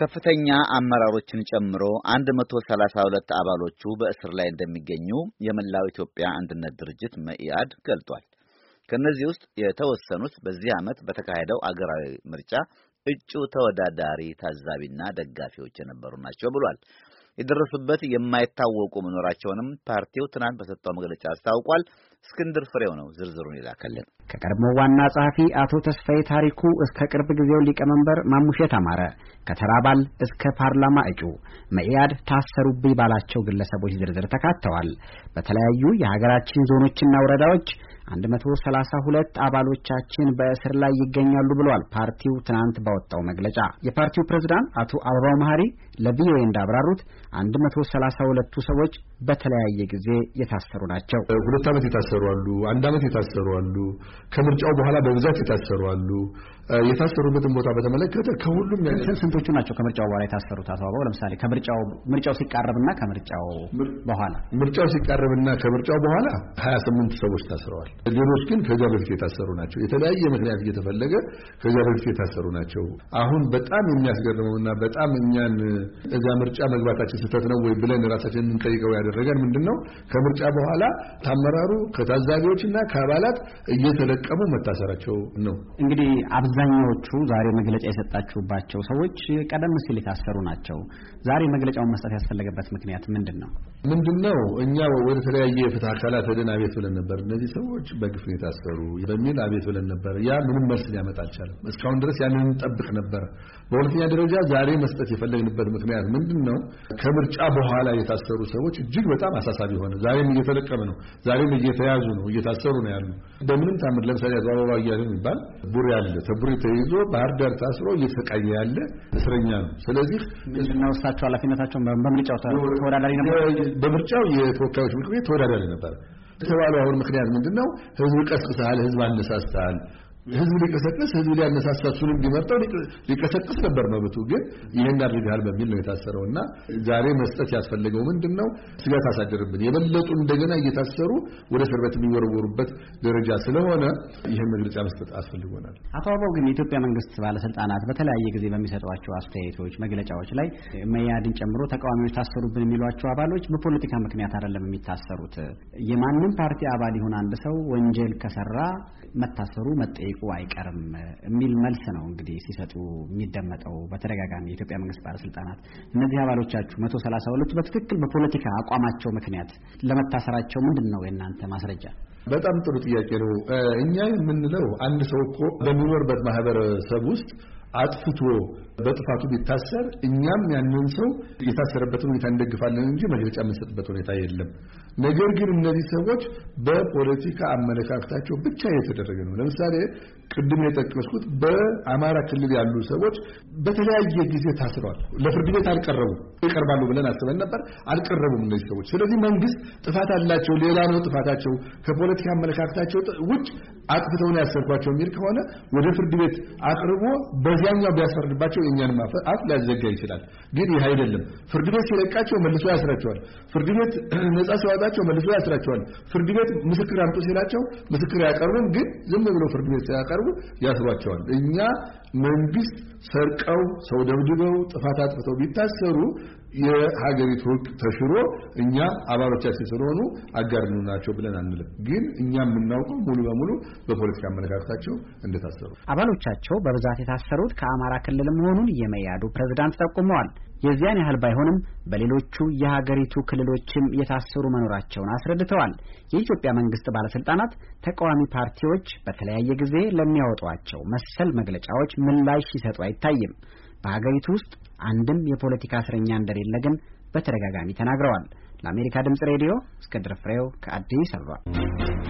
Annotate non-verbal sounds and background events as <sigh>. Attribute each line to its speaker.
Speaker 1: ከፍተኛ አመራሮችን ጨምሮ 132 አባሎቹ በእስር ላይ እንደሚገኙ የመላው ኢትዮጵያ አንድነት ድርጅት መኢአድ ገልጧል። ከነዚህ ውስጥ የተወሰኑት በዚህ ዓመት በተካሄደው አገራዊ ምርጫ እጩ ተወዳዳሪ ታዛቢና ደጋፊዎች የነበሩ ናቸው ብሏል። የደረሱበት የማይታወቁ መኖራቸውንም ፓርቲው ትናንት በሰጠው መግለጫ አስታውቋል። እስክንድር ፍሬው ነው ዝርዝሩን ይላከልን። ከቀድሞ ዋና ጸሐፊ አቶ ተስፋዬ ታሪኩ እስከ ቅርብ ጊዜው ሊቀመንበር ማሙሼት አማረ ከተራባል እስከ ፓርላማ እጩ መኢአድ ታሰሩብኝ ባላቸው ግለሰቦች ዝርዝር ተካተዋል። በተለያዩ የሀገራችን ዞኖችና ወረዳዎች 132 አባሎቻችን በእስር ላይ ይገኛሉ ብሏል ፓርቲው ትናንት ባወጣው መግለጫ። የፓርቲው ፕሬዝዳንት አቶ አበባው መሐሪ ለቪኦኤ እንዳብራሩት 132ቱ ሰዎች በተለያየ
Speaker 2: ጊዜ የታሰሩ ናቸው። ሁለት ዓመት የታሰ የታሰሩ አሉ፣ አንድ ዓመት የታሰሩ አሉ፣ ከምርጫው በኋላ በብዛት የታሰሩ አሉ። የታሰሩበትን ቦታ በተመለከተ ከሁሉም ስንቶቹ ናቸው ከምርጫው በኋላ የታሰሩት? አቶ አበባው ለምሳሌ ከምርጫው ምርጫው ሲቃረብና ከምርጫው በኋላ ምርጫው ሲቃረብና ከምርጫው በኋላ 28 ሰዎች ታስረዋል። ሌሎች ግን ከዚያ በፊት የታሰሩ ናቸው። የተለያየ ምክንያት እየተፈለገ ከዚያ በፊት የታሰሩ ናቸው። አሁን በጣም የሚያስገርመውና በጣም እኛን እዚያ ምርጫ መግባታችን ስህተት ነው ወይ ብለን ራሳችን የምንጠይቀው ያደረገን ምንድን ነው ከምርጫ በኋላ ታመራሩ ከታዛቢዎችና ከአባላት እየተለቀሙ መታሰራቸው ነው። እንግዲህ አብዛኛዎቹ ዛሬ መግለጫ የሰጣችሁባቸው ሰዎች ቀደም
Speaker 1: ሲል የታሰሩ ናቸው። ዛሬ መግለጫውን
Speaker 2: መስጠት ያስፈለገበት ምክንያት ምንድን ነው? ምንድን ነው እኛ ወደ ተለያየ የፍትህ አካላት ሄደን አቤት ብለን ነበር። እነዚህ ሰዎች በግፍ ነው የታሰሩ በሚል አቤት ብለን ነበር። ያ ምንም መልስ ሊያመጣ አልቻለም። እስካሁን ድረስ ያንን እንጠብቅ ነበር። በሁለተኛ ደረጃ ዛሬ መስጠት የፈለግንበት ምክንያት ምንድን ነው? ከምርጫ በኋላ የታሰሩ ሰዎች እጅግ በጣም አሳሳቢ ሆነ። ዛሬም እየተለቀመ ነው። ዛሬም እየተያ እየተያዙ ነው፣ እየታሰሩ ነው ያሉ። በምንም ታምር ለምሳሌ አቶ አበባ እያለ የሚባል ቡሬ አለ። ተቡሬ ተይዞ ባህር ዳር ታስሮ እየተሰቃየ ያለ እስረኛ ነው። ስለዚህ ምንድነው እሳቸው ኃላፊነታቸውን በምርጫው ተወዳዳሪ ነበር። በምርጫው የተወካዮች ምክር ቤት ተወዳዳሪ ነበር የተባለው አሁን ምክንያት ምንድነው? ህዝብ ቀስቅሰሃል፣ ህዝብ አነሳስተሃል፣ ህዝብ ሊቀሰቅስ ህዝብ ሊያነሳሳ እሱንም ሊመርጠው ሊቀሰቅስ ነበር መብቱ። ግን ይህን አድርገሃል በሚል ነው የታሰረው እና ዛሬ መስጠት ያስፈለገው ምንድን ነው ስጋት አሳድርብን የበለጡ እንደገና እየታሰሩ ወደ እስር ቤት የሚወረወሩበት ደረጃ ስለሆነ ይህን መግለጫ መስጠት አስፈልጎናል።
Speaker 1: አቶ አበባው ግን የኢትዮጵያ መንግስት ባለስልጣናት በተለያየ ጊዜ በሚሰጧቸው አስተያየቶች፣ መግለጫዎች ላይ መያድን ጨምሮ ተቃዋሚዎች ታሰሩብን የሚሏቸው አባሎች በፖለቲካ ምክንያት አይደለም የሚታሰሩት የማንም ፓርቲ አባል ይሁን አንድ ሰው ወንጀል ከሰራ መታሰሩ መጠየቅ መጠየቁ አይቀርም የሚል መልስ ነው እንግዲህ ሲሰጡ የሚደመጠው በተደጋጋሚ የኢትዮጵያ መንግስት ባለስልጣናት። እነዚህ አባሎቻችሁ መቶ ሰላሳ ሁለቱ በትክክል በፖለቲካ አቋማቸው ምክንያት ለመታሰራቸው ምንድን ነው የእናንተ ማስረጃ?
Speaker 2: በጣም ጥሩ ጥያቄ ነው። እኛ የምንለው አንድ ሰው እኮ በሚኖርበት ማህበረሰብ ውስጥ አጥፍቶ በጥፋቱ ቢታሰር እኛም ያንን ሰው የታሰረበትን ሁኔታ እንደግፋለን እንጂ መግለጫ የምንሰጥበት ሁኔታ የለም። ነገር ግን እነዚህ ሰዎች በፖለቲካ አመለካከታቸው ብቻ የተደረገ ነው። ለምሳሌ ቅድም የጠቀስኩት በአማራ ክልል ያሉ ሰዎች በተለያየ ጊዜ ታስረዋል። ለፍርድ ቤት አልቀረቡም። ይቀርባሉ ብለን አስበን ነበር፣ አልቀረቡም እነዚህ ሰዎች። ስለዚህ መንግስት ጥፋት አላቸው፣ ሌላ ነው ጥፋታቸው፣ ከፖለቲካ አመለካከታቸው ውጭ አጥፍተውን ያሰርኳቸው የሚል ከሆነ ወደ ፍርድ ቤት አቅርቦ በዚያኛው ቢያስፈርድባቸው እኛን ማጥፋት ሊያዘጋ ይችላል። ግን ይህ አይደለም። ፍርድ ቤት ሲለቃቸው መልሶ ያስራቸዋል። ፍርድ ቤት <clears throat> ነጻ ሲያወጣቸው መልሶ ያስራቸዋል። ፍርድ ቤት ምስክር አምጡ ሲላቸው ምስክር አያቀርቡም። ግን ዝም ብሎ ፍርድ ቤት ሲያቀርቡ ያስሯቸዋል። እኛ መንግስት ሰርቀው ሰው ደብድበው ጥፋት አጥፍተው ቢታሰሩ የሀገሪቱ ህግ ተሽሮ እኛ አባሎቻችን ስለሆኑ አጋር ናቸው ብለን አንልም። ግን እኛ የምናውቀው ሙሉ በሙሉ በፖለቲካ አመለካከታቸው እንደታሰሩ
Speaker 1: አባሎቻቸው በብዛት የታሰሩት ከአማራ ክልል መሆኑን የመያዱ ፕሬዝዳንት ጠቁመዋል። የዚያን ያህል ባይሆንም በሌሎቹ የሀገሪቱ ክልሎችም የታሰሩ መኖራቸውን አስረድተዋል። የኢትዮጵያ መንግስት ባለስልጣናት ተቃዋሚ ፓርቲዎች በተለያየ ጊዜ ለሚያወጧቸው መሰል መግለጫዎች ምላሽ ሲሰጡ አይታይም። በሀገሪቱ ውስጥ አንድም የፖለቲካ እስረኛ እንደሌለ ግን በተደጋጋሚ ተናግረዋል። ለአሜሪካ ድምጽ ሬዲዮ እስክንድር ፍሬው ከአዲስ
Speaker 2: አበባ